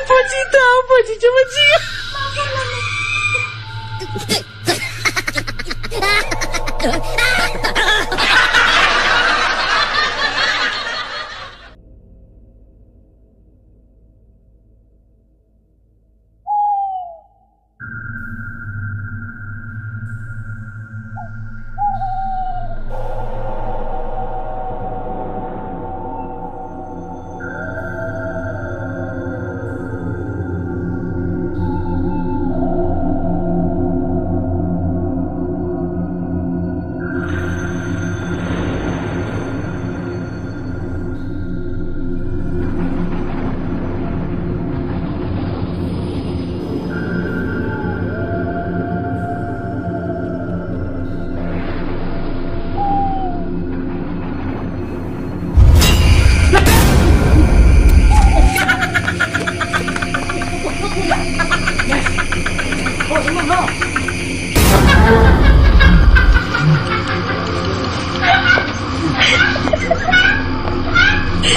不记得，不记，不记。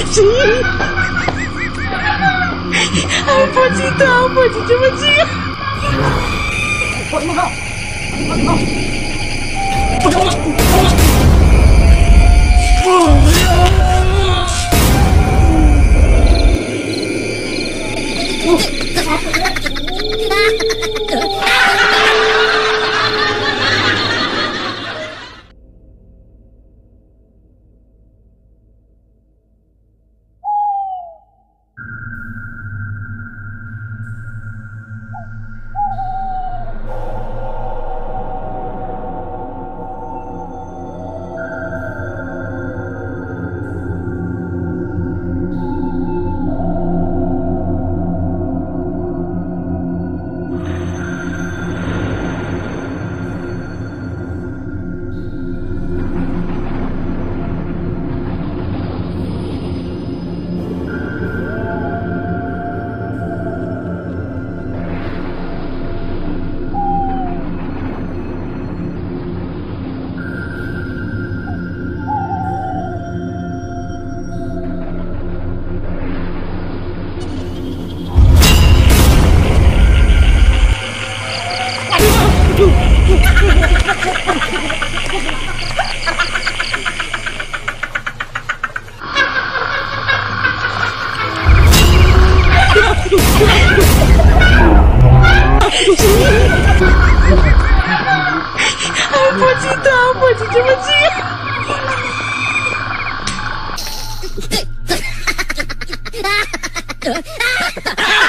我记，我不记得，不记，不记。我操！我操！我操！我操！我操！我操！我操！fucker.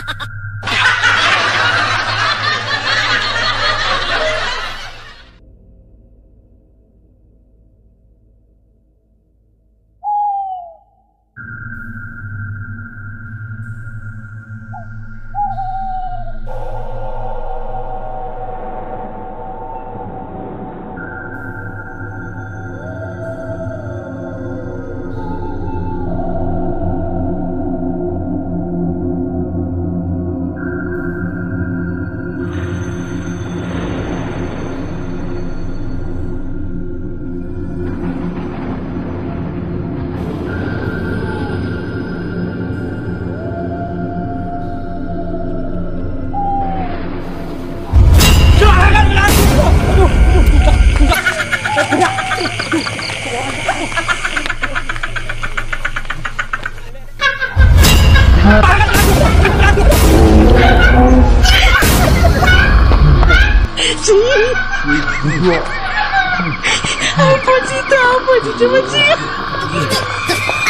我不记得，不记，不记。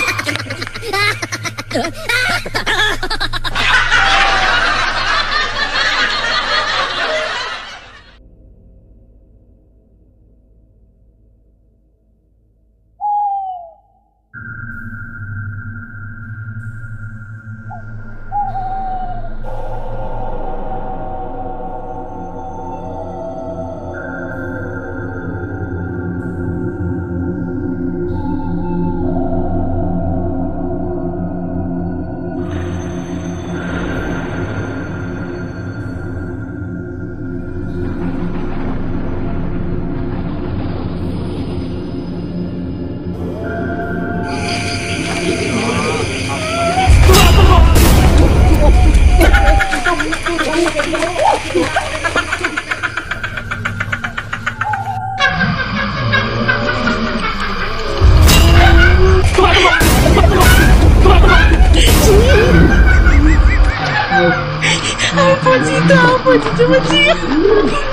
我急，我急。